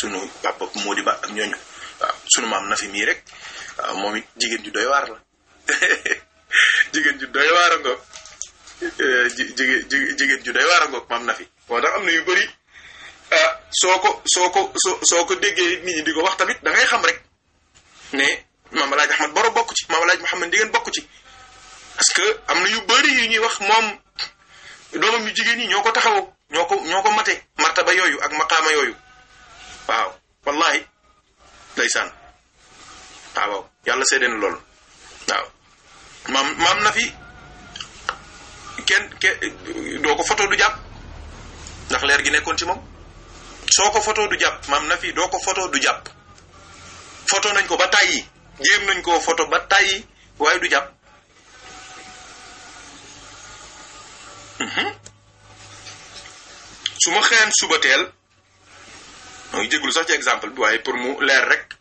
sunu papa moo di ba ak sunu maam nafi fi mii rek waaw moom it jigéen ju doy waar ju doy waar a ngoog eh, jigéen jigéen ju doy waar a ngoog maam na fi moo am na yu bari ah soo ko soo ko soo soo ko déggee nit di ko wax tamit da xam rek ne maam El Hadj Ahmad Boro bokk ci maam El Hadj Mouhamed Ndieguène bokk ci. parce que am na yu bari yu ñuy wax moom doomam yu jigéen ñi ñoo ko taxawoo ñoo ko ñoo ko mate martaba yooyu ak maqaama yooyu waaw wallahi ndeysaan waaw yàlla seede na lool waaw maam maam na fi kenn kenn doo ko photo du jàpp ndax leer gi nekkoon ci moom soo ko photo du jàpp maam na fi doo ko photo du jàpp photo nañ ko ba tàyyi jéem nañ koo photo ba tàyyi waaye du jàpp mhm. su ma xëyaan suba teel moo ngi jégalu sax ci exemple bi waaye pour mu leer rek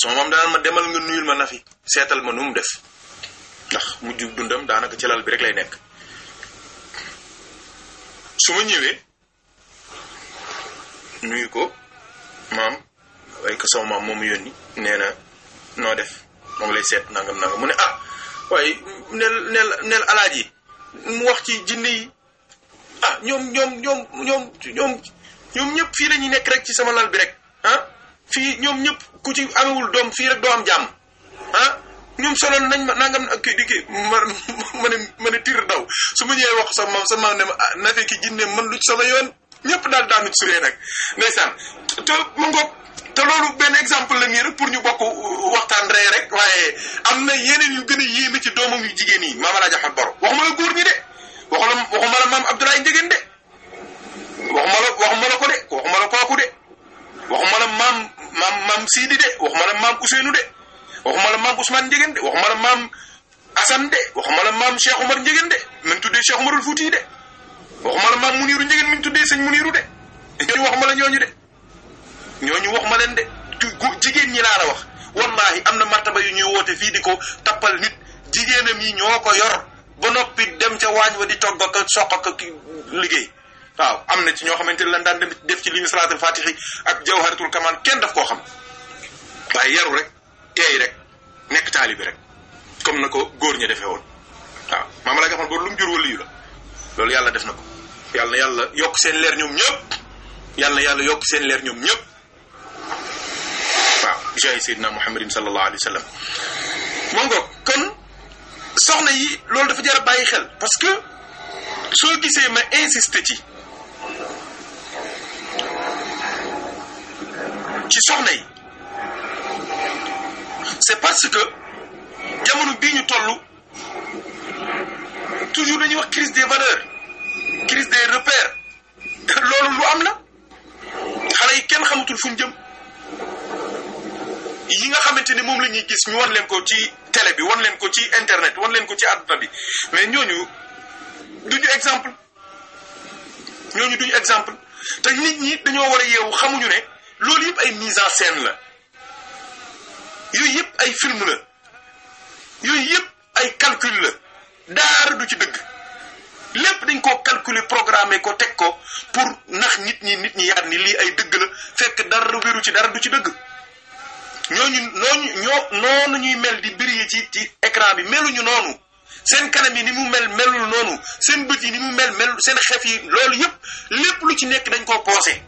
sama maam daan ma demal nga nuyul ma Nafi seetal ma nu mu def ndax mu jug dundam daanaka ci lal bi rek lay nekk su ma ñëwee nuyu ko maam waaye ko sama maam moomu yónni nee na noo def moom lay seet nangam nangam mu ne ah waaye neel neel alaaj yi mu wax ci jinne yi ah ñoom ñoom ñoom ñoom ñëpp fii la ñuy nekk rek ci sama lal bi rek ah. fi ñoom ñëpp ku ci amewul doom fii rek doo am jàmm ah ñoom soloon nañ ma nangam ak di kii ma ma ne ne tir daw su ma ñëwee wax sama maam sama maam ne ma ah na fekk jinne man lu ci sama yoon ñëpp daal daanu ci suree nag ndeysaan te ma ngoog te loolu benn exemple la nii pour ñu bokk waxtaan rey rek waaye am na yeneen yu gën a yéeme ci doomam yu jigéen yi maam El Hadj Ahmed Boro waxuma la góor ñi de waxuma waxuma la maam Abdoulaye Ndiéguène de maam Sidi de waxuma la maam Ousseynou de waxuma la maam Ousmane Ndiéguène de waxuma la maam Assane de waxuma la maam Cheikh Omar Ndiéguène de min tuddee Cheikh Omarul Fouti de waxuma la maam Muniru Ndiéguène min tuddee sëñ Muniru de ñooñu waxuma la ñooñu de ñooñu waxuma leen de jigéen ñi laa la wax wallahi am na martaba yu ñuy woote fii di ko tappal nit jigéenam yi ñoo ko yor ba noppi dem ca waañ wa di togg ak soq ak liggéey waaw am na ci ñoo xamante ne lan daan def ci li ñu salaatul fatihi ak jawharatul kamal kenn daf koo xam waaye yaru rek teey rek nekk taalibi rek comme na ko góor ñi defee woon waaw maama laa nga xam góor lu jur waliyu la loolu yàlla def na ko yàlla yàlla yokk seen leer ñoom ñëpp yàlla yàlla yokk seen leer ñoom ñëpp waaw jaay seydina muhammadin sallallahu alayhi wa sallam moo nga kon soxna yi loolu dafa jar a bàyyi xel parce que soo gisee ma insisté ci ci soxna yi c'est parce que jamono bii ñu toll toujours lañuy wax crise des valeurs crise des repères loolu lu am na xale yi kenn xamatul fu jëm yi nga xamante ni moom la ñuy gis ñu wan leen ko ci télé bi wan leen ko ci internet wan leen ko ci àdduna bi mais ñooñu duñu exemple ñooñu duñu exemple te nit ñi dañoo war a yeewu xamuñu ne loolu yëpp ay mise en scène la yooyu yëpp ay film la yooyu yëpp ay calcul la daara du ci dëgg lépp dañ koo calculer programmer ko teg ko pour nax nit ñi nit ñi yaat ni lii ay dëgg la fekk dara wéru ci dara du ci dëgg ñooñu nooñu ñoo noonu mel di briller ci ci écran bi meluñu noonu seen kanam yi ni mu mel melul noonu seen bët yi ni mu mel mel seen xef yi loolu yëpp lépp lu ci nekk dañ koo poosé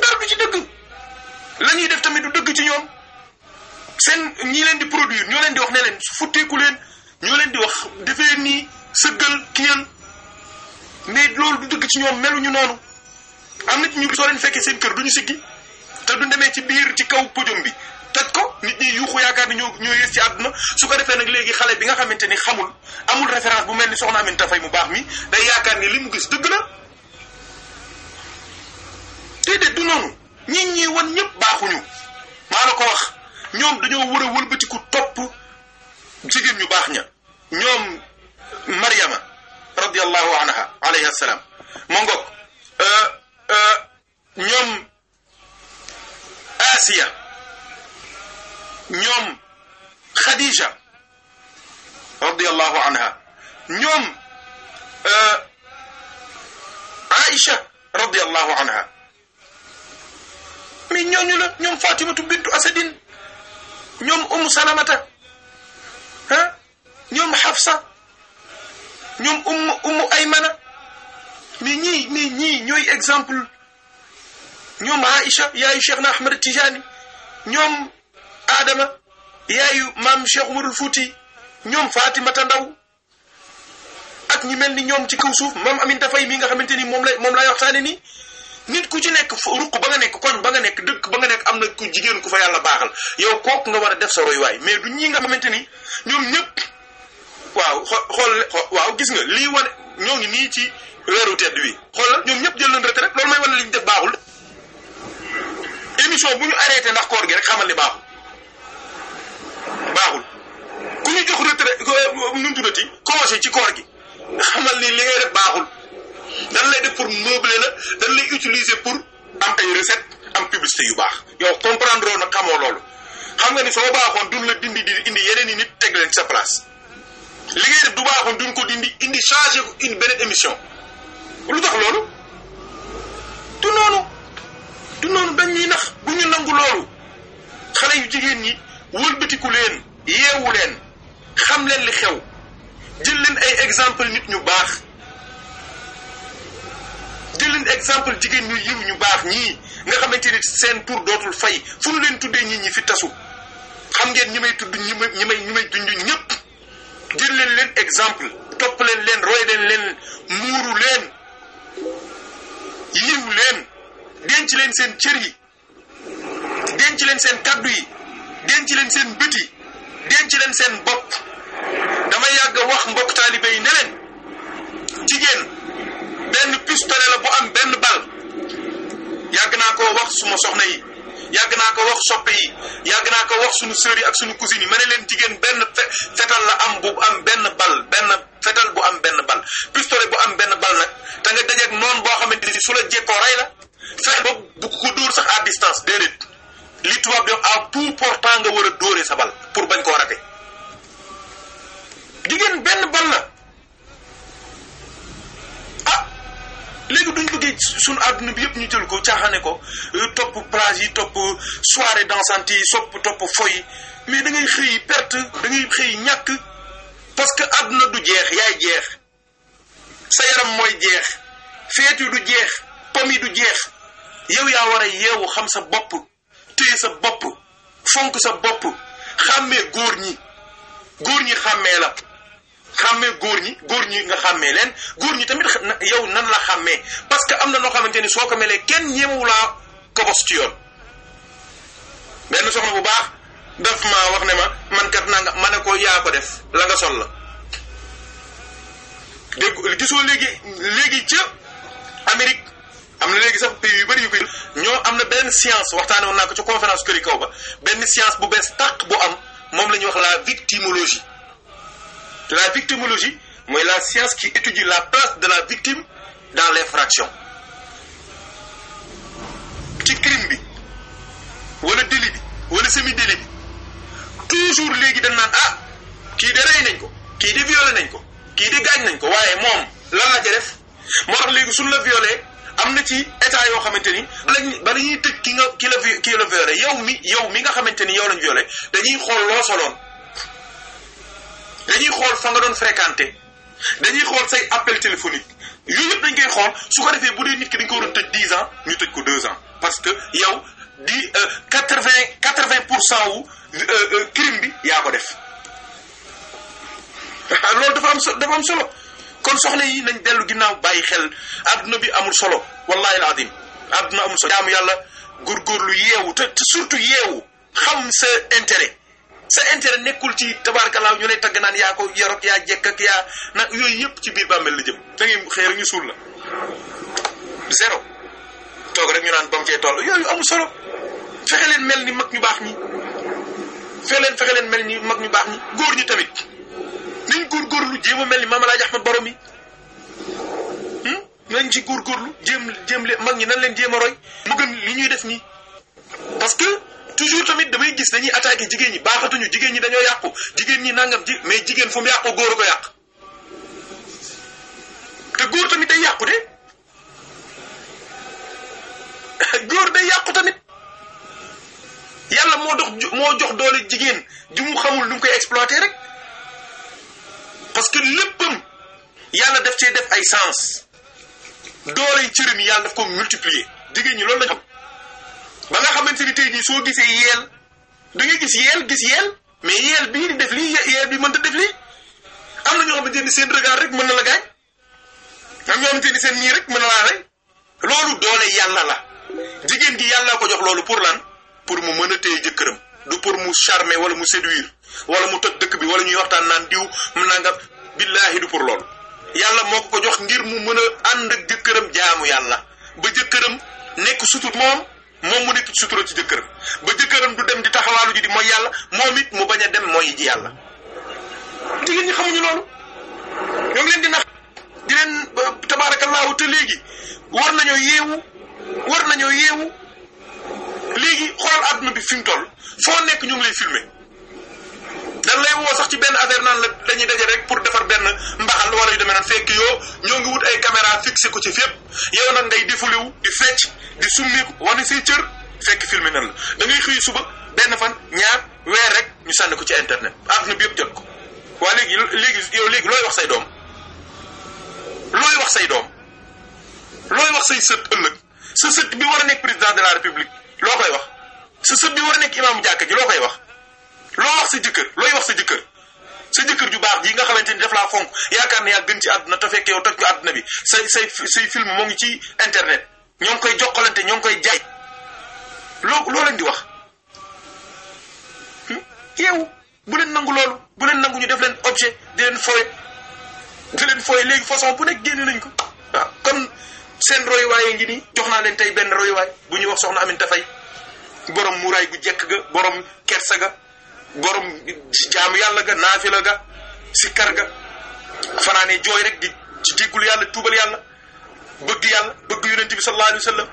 dara du ci dëgg la def tamit du dëgg ci ñoom seen ñi leen di produire ñoo leen di wax ne leen su futteeku leen ñoo leen di wax defee nii sëggal kiyal mais loolu du dëgg ci ñoom meluñu noonu am na ci ñu soo leen fekkee seen kër ñu siggi te du demee ci biir ci kaw podium bi tëj ko nit ñi yuuxu yaakaar ni ñoo ñoo ci àdduna su ko defee nag léegi xale bi nga xamante ni xamul amul référence bu mel ni soxna Aminta Faye mu baax mi day yaakaar ni li mu gis dëgg la déedéet du noonu ñi ñi wan ñëpp baaxuñu ko ñoom dañoo war a wëlbatiku topp jigéen ñu baax ña ñoom Maryama radiyallahu anha alayha salaam mu ngoog euh, euh, ñoom Asiya ñoom Khadija radiyallahu anha ñoom euh, Aïcha radiyallahu anha mais ñooñu la ñoom Fatimatu bintu Asadin ñoom umu salamata ah ñoom sax ñoom umu umu aymana mais ñii mais ñii ñooy exemple ñoom aïcha yaayu cheikh na ahmad tijani ñoom adama yaayu maam cheikh umarul fuuti ñoom mata ndaw ak ñi mel ni ñoom ci kaw suuf maam amin dafay mi nga xamante ni moom lay moom lay nii nit ku ci nekk ruq ba nga nekk koñ ba nga nekk dëkk ba nga nekk am na ku jigéen ku fa yàlla baaxal yow kooku nga war a def sa waay mais du ñi nga xamante ni ñoom ñëpp waaw xo xool waaw gis nga lii wane ñoo ngi nii ci weeru tedd wi xoolal ñoom ñëpp jël nañ retraite loolu may wane li ñu def baaxul émission bu ñu arrêté ndax koor gi rek xamal ni baaxul baaxul ku ñu jox retraite euh, nu mu tuddati congé ci koor gi xamal ni li ngay def baaxul. dañ lay def pour meubler la dañ lay utiliser pour am ay recette am publicité yu baax yow comprendre woon na xamoo loolu xam nga ni soo baaxoon duñ la dindi di indi yeneen i nit teg leen ci sa place li def du baaxoon duñ ko dindi indi changé ko une beneen émission lu tax loolu du noonu du noonu dañ ñuy nax bu ñu nangu loolu xale yu jigéen ñi wëlbatiku leen yeewu leen xam leen li xew jël leen ay exemple nit ñu baax leen exemple jigéen ñu yiw ñu baax ñi nga xamante ni seen pour dootul fay fu nu leen tuddee ñi ñi fi tasu xam ngeen ñi may tudd ñi may ñi may ñi may junju ñëpp leen leen exemple topp leen leen roy leen leen muuru leen yiw leen denc leen seen cër yi denc leen seen kàddu yi denc leen seen bët yi denc leen seen bopp dama yàgg wax mbokk taalibe yi ne leen jigéen benn pistolet la bu am benn bal yàgg naa ko wax suma soxna yi yàgg naa ko wax soppe yi yàgg naa ko wax sunu sœur yi ak sunu cousine yi ma leen jigéen benn fetal la am bu am benn bal benn fetal bu am benn bal pistolet bu am benn bal nag te nga dajeeg boo xamante ni su la jekkoo rey la fexe ba ku ko dóor sax à distance déedéet li tubaab di wax à tout portant nga war a dóoree sa bal pour bañ koo rate suñu àdduna bi yëpp ñu jël ko caaxaane ko euh, topp plage yi topp soirée dansante yi sopp topp fo yi mais da ngay xëy perte da ngay xëy ñàkk parce que àdduna du jeex yaay jeex sa yaram mooy jeex feetu yi du jeex pom yi du jeex yow yaa war yeewu xam sa bopp te sa bopp fonk sa bopp xàmmee góor ñi góor ñi xàmmee la xàmmee góor ñi góor ñi nga xàmmee leen góor ñi tamit yow nan la xàmmee parce que am na noo xamante ni soo ko melee kenn ñemewu laa ko bos ci yoon benn soxna bu baax daf ma wax ne ma man kat naa nga ma ne ko yaa ko def la nga sol la dégg gisoo léegi léegi ca Amérique am na léegi sax pays yu bëri yu koy ñoo am na benn science waxtaane woon naa ko ci conférence këri kaw ba benn science bu bees tàq bu am moom la ñuy wax la victimologie la victimologie mooy la science qui étudie la place de la victime dans fraction ci crime bi walla délit bi wala semi délit bi toujours léegi dañ naan ah kii de rey nañ ko kii de violé nañ ko kii de gaañ nañ ko waaye moom lan la ca def moo xam léegi suñu la violé am na ci état yoo xamante ni lañ bala ñuy tëj ki nga ki la ki la violé yow mi yow mi nga xamante ni yow lañ violé dañuy xool loo soloon dañuy xool fa nga doon fréquenté dañuy xool say appel téléphonique yooyu yëpp dañ koy xool su ko defee bu dee nit ki dañ ko war a tëj dix ans ñu tëj ko deux ans parce que yow di euh, quatre vingt quatre vingt pour cent wu euh, euh, crime bi yaa ko def loolu dafa am so dafa am solo kon soxna yi nañ dellu ginnaaw bàyyi xel adduna bi amul solo wallahi alazim adduna amul solo jaamu yàlla góorgóorlu yeewu te surtout yeewu xam sa intérêt sa intere nekkul ci tabaarkalaaw ñu ñoo tagg naan yaa ko yorog yaa jekk ak yaa nag yooyu yëpp ci biir bàmmeel la jëm da ngay xëy ñu suul la zéro toog rek ñu naan ba mu cee toll yooyu amul solo fexe leen mel ni mag ñu baax ñi fexe leen leen mel ni mag ñu baax ñi góor ñi tamit nañ góorgóorlu jéem a mel ni Maam Alaaji Ahmad Borom yi hmm? nañ ci góorgóorlu jéem jéem leen mag ñi nan leen jéem mu gën ni ñuy def nii parce toujours tamit damay gis dañuy attaqué jigéen ñi baaxatuñu jigéen ñi dañoo yàqu jigéen ñi nangam ji mais jigéen fu mu yàqu góor a ko yàq te góor tamit day yàqu de góor day yàqu tamit yàlla moo dox moo jox doole jigéen ju mu xamul lu mu koy exploité rek parce que léppam yàlla def cee def ay sens doole yi cëram yàlla daf ko multiplier jigéen ñi loolu la xam ba nga xamante ni tey jii soo gisee yeel da nga gis yeel gis yeel mais yeel bii di def lii yeel bi mënta def lii am na ñoo xamante ni seen regard rek mën na la gaañ am ñoo xamante ni seen nii rek mën na laa rey loolu doole yàlla la jigéen gi yàlla ko jox loolu pour lan pour mu mën a téye jëkkëram du pour mu charmer wala mu séduire wala mu toj dëkk bi wala ñuy waxtaan naan diw mu nangam billaahi du pour loolu yàlla moo ko ko jox ngir mu mën a ànd ak jëkkëram jaamu yàlla ba jëkkëram nekk sutur moom moom mu nekk ci sutura ci jëkkëram ba jëkkëram du dem di taxawaalu ji di mooy yàlla moom it mu bañ a dem mooy ji yàlla jigéen ñi xamuñu loolu ñoo ngi leen di nax di leen tabaarakallaahu te léegi war nañoo yeewu war nañoo yeewu léegi xoolal àdduna bi fi mu toll foo nekk ñu ngi lay dañ lay woo sax ci benn affaire naan la dañuy daje rek pour defar benn mbaxal wala yu demee fekk yoo ñoo ngi wut ay caméra fixé ko ci fépp yow nag ngay defuliw di fecc di summiku wane say cër fekk filmé nan la da ngay suba benn fan ñaar weer rek ñu sànni ko ci internet àdduna bi yëpp jot ko waa léegi léegi yow léegi looy wax say doom looy wax say doom looy wax say sët ëllëg sa sët bi war a nekk président de la république loo koy wax sa sët bi war a nekk imaamu jàkka ji loo koy wax loo wax sa jëkkër looy wax sa jëkkër sa jëkkër ju baax ji nga xamante ni daf laa fonk yaakaar ne yaa gën ci àdduna te fekk yow toj ko àdduna bi say say say film moo ngi ci internet ñoo ngi koy jokkalante ñoo ngi koy jaay loo loo leen di wax hmm? yow bu leen nangu loolu bu leen nangu ñu def leen objet di leen fooye leen fooye léegi façon bu nekk génne nañ ko waaw ah, kon seen royuwaay yi ngi nii jox naa leen tey benn royuwaay bu ñuy wax soxna Aminta Faye borom muraay gu jekk ga borom kersa ga gorom jaamu yàlla ga naafila ga sikkar ga fanaanee jooy rek di ci jéggul yàlla tuubal yàlla bëgg yàlla bëgg yonent bi sallallahu alayhi wa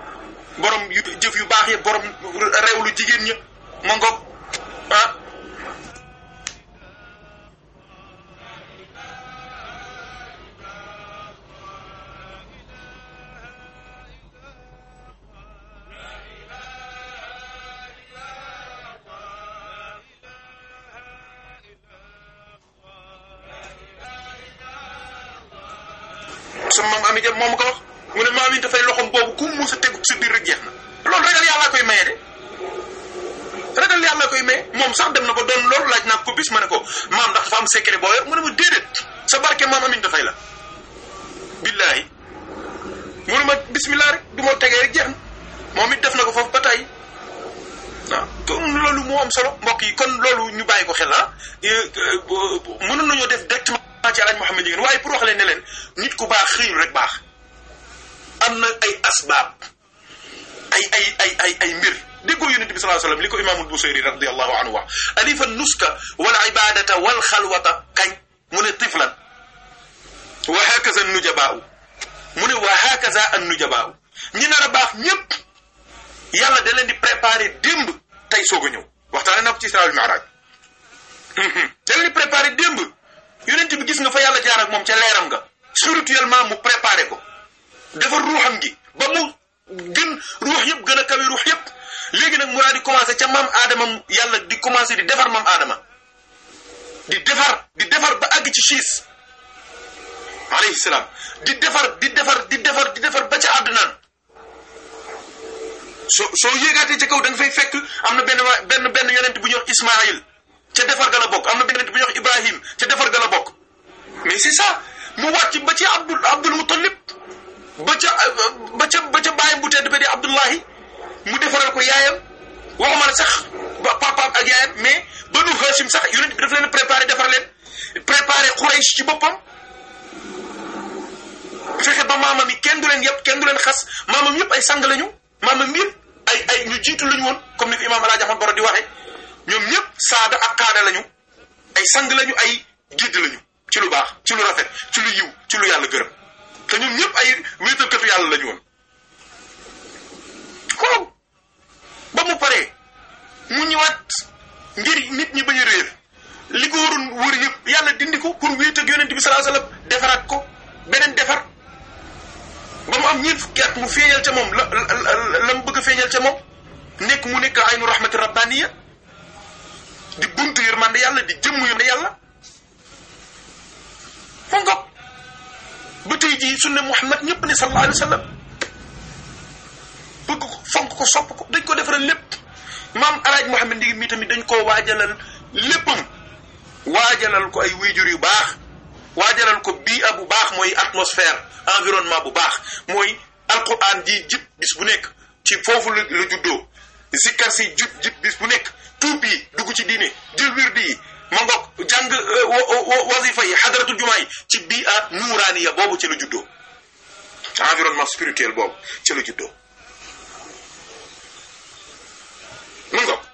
borom yu jëf yu baax yi borom réew lu jigéen ña ma ngoog ah sa maam Ami Dia moom ko wax mu ne maam yi dafay loxoom boobu ku mu sa tegu sa biir rek jeex na loolu ragal yàllaa koy maye de ragal yàllaa koy maye moom sax dem na ko doon loolu laaj naa ko bis ma ne ko maam ndax dafa am secret boo yor mu ne ma déedéet sa barke la billaahi mu ma bismillah rek du ma tegee rek jeex na moom it def na ko foofu ba tey waaw loolu moo am solo mbokk yi kon loolu ñu bàyyi ko xel ah euh, mënoon nañoo def directement. ci alaaj Mouhamed Ndieguène waaye pour wax leen ne leen nit ku baax xëyul rek baax am na ay asbaab ay ay ay ay ay mbir déggoo yonent bi sallallahu alayhi wa sallam li ko imaamul Busayri radiyallahu anhu wax alifa nuska wal ibadata wal xalwata kañ mu ne tiflan wa hakaza nujabaaw mu ne wa hakaza an nujabaaw ñi nar a baax ñépp yàlla da leen di préparer démb tey soog a ñëw waxtaane na ko ci Israa wal Mi'raaj da leen di préparer démb yonent bi gis nga fa yàlla jaar ak moom ca leeram nga spirituellement mu préparé ko defar ruuxam gi ba mu gën ruux yëpp gën a kawe ruux yëpp léegi nag mu daal di commencé ca maam aadama yàlla di commencé di defar maam adama di defar di defar ba àgg ci siis alayhi salaam di defar di defar di defar di defar ba ca àddunaan soo soo yéegaatee ca kaw da fay fekk am na benn benn benn yonent bu ñuy wax Ismaayil ca defar ga la bokk am na benn bu ñuy wax Ibrahim ca defar ga la bokk mais c'est ça mu wàcc ba ci Abdul Abdul Muttalib ba ca ba ca ba ca bàyyam bu tedd ba di Abdullahi mu defaral ko yaayam waxuma la sax ba papaam ak yaayam mais ba nu Hashim sax yonent bi daf leen préparé defar leen préparé Quraysh ci boppam fexe ba maamam yi kenn du leen yëpp kenn du leen xas maamam yëpp ay sang lañu maamam yëpp ay ay ñu jiitu lañu woon comme ni ko imaam El Hadj Ahmad Baro di waxee. ñoom ñëpp saada ak kaada lañu ay sang lañu ay gidd lañu ci lu baax ci lu rafet ci lu yiw ci lu yàlla gërëm te ñoom ñëpp ay wéetalkatu yàlla lañu woon waaw ba mu paree mu ñëwaat ngir nit ñi bañ a réer li ko waroon wër yëpp yàlla dindi ko pour wéet ak yonent bi sallallahu alayhi wasallam defaraat ko beneen defar ba mu am ñeent fukki at mu feeñal ca moom la la mu bëgg a feeñal ca moom nekk mu nekk aynu rahmati rabbaniya di buntu yërmande yàlla di jëmm yërmande yàlla mu ngoog ba tey jii sunne Muhammad ñëpp ne sallallahu alayhi wa ko fonk ko sopp ko dañ ko defara lépp maam alaaj Muhammad ndig mii tamit dañ koo waajalal léppam waajalal ko ay wéjur yu baax waajalal ko bii a bu baax mooy atmosphère environnement bu baax mooy alquran ji jib bis bu nekk ci foofu la la juddoo sikkar si jub jib bis bu nekk tuub yi dugg ci diine jël wirdi yi ma ngoog jàng euh, wazifa yi xadaratu jumaa yi ci bii a nuuraaniya boobu ci la juddoo environnement spirituel boobu ci lu juddoo ma